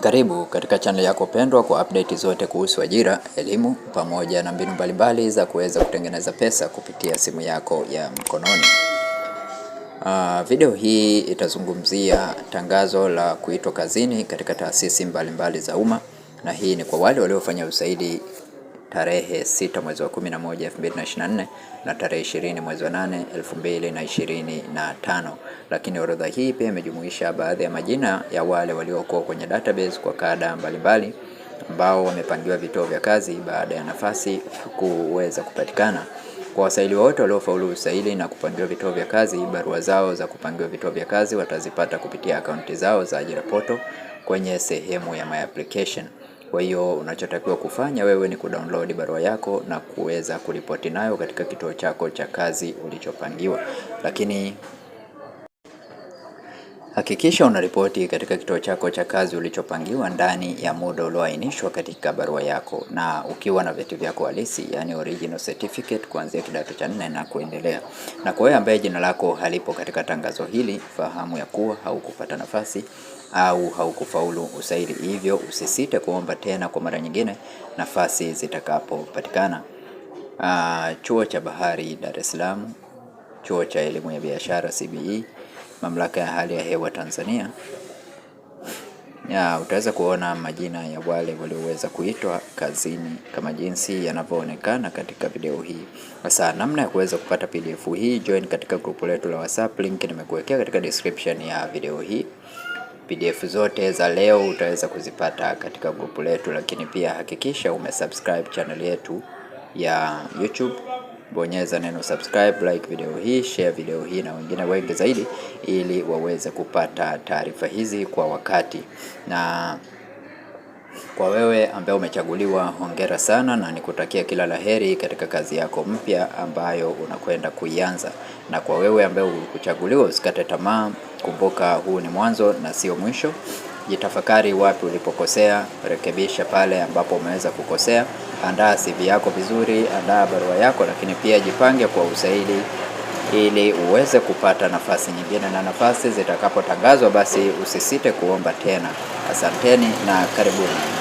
Karibu katika channel yako pendwa kwa update zote kuhusu ajira, elimu pamoja na mbinu mbalimbali za kuweza kutengeneza pesa kupitia simu yako ya mkononi. Uh, video hii itazungumzia tangazo la kuitwa kazini katika taasisi mbalimbali za umma, na hii ni kwa wale waliofanya usaili tarehe 6 mwezi wa 11 2024 na tarehe 20 mwezi wa 8 2025. Lakini orodha hii pia imejumuisha baadhi ya majina ya wale waliokuwa kwenye database kwa kada mbalimbali ambao wamepangiwa vituo vya kazi baada ya nafasi kuweza kupatikana. Kwa wasaili wote waliofaulu usaili na kupangiwa vituo vya kazi, barua zao za kupangiwa vituo vya kazi watazipata kupitia akaunti zao za ajira poto kwenye sehemu ya my application. Kwa hiyo unachotakiwa kufanya wewe ni kudownload barua yako na kuweza kuripoti nayo katika kituo chako cha kazi ulichopangiwa, lakini Hakikisha unaripoti katika kituo chako cha kazi ulichopangiwa ndani ya muda ulioainishwa katika barua yako, na ukiwa na vyeti vyako halisi, yani original certificate kuanzia kidato cha nne na kuendelea. Na kwa wewe ambaye jina lako halipo katika tangazo hili, fahamu ya kuwa haukupata nafasi au haukufaulu usaili, hivyo usisite kuomba tena kwa mara nyingine nafasi zitakapopatikana. Ah, chuo cha Bahari Dar es Salaam, Chuo cha Elimu ya Biashara CBE Mamlaka ya Hali ya Hewa Tanzania ya, utaweza kuona majina ya wale walioweza kuitwa kazini kama jinsi yanavyoonekana katika video hii. Sasa namna ya kuweza kupata PDF hii, join katika grupu letu la WhatsApp, link nimekuwekea katika description ya video hii. PDF zote za leo utaweza kuzipata katika grupu letu, lakini pia hakikisha umesubscribe channel yetu ya YouTube bonyeza neno subscribe, like video hii, share video hii na wengine wengi zaidi, ili waweze kupata taarifa hizi kwa wakati. Na kwa wewe ambaye umechaguliwa, hongera sana na nikutakia kila laheri katika kazi yako mpya ambayo unakwenda kuianza. Na kwa wewe ambaye ukuchaguliwa, usikate tamaa. Kumbuka huu ni mwanzo na sio mwisho. Jitafakari wapi ulipokosea, rekebisha pale ambapo umeweza kukosea. Andaa CV yako vizuri, andaa barua yako, lakini pia jipange kwa usaili ili uweze kupata nafasi nyingine, na nafasi zitakapotangazwa basi usisite kuomba tena. Asanteni na karibuni.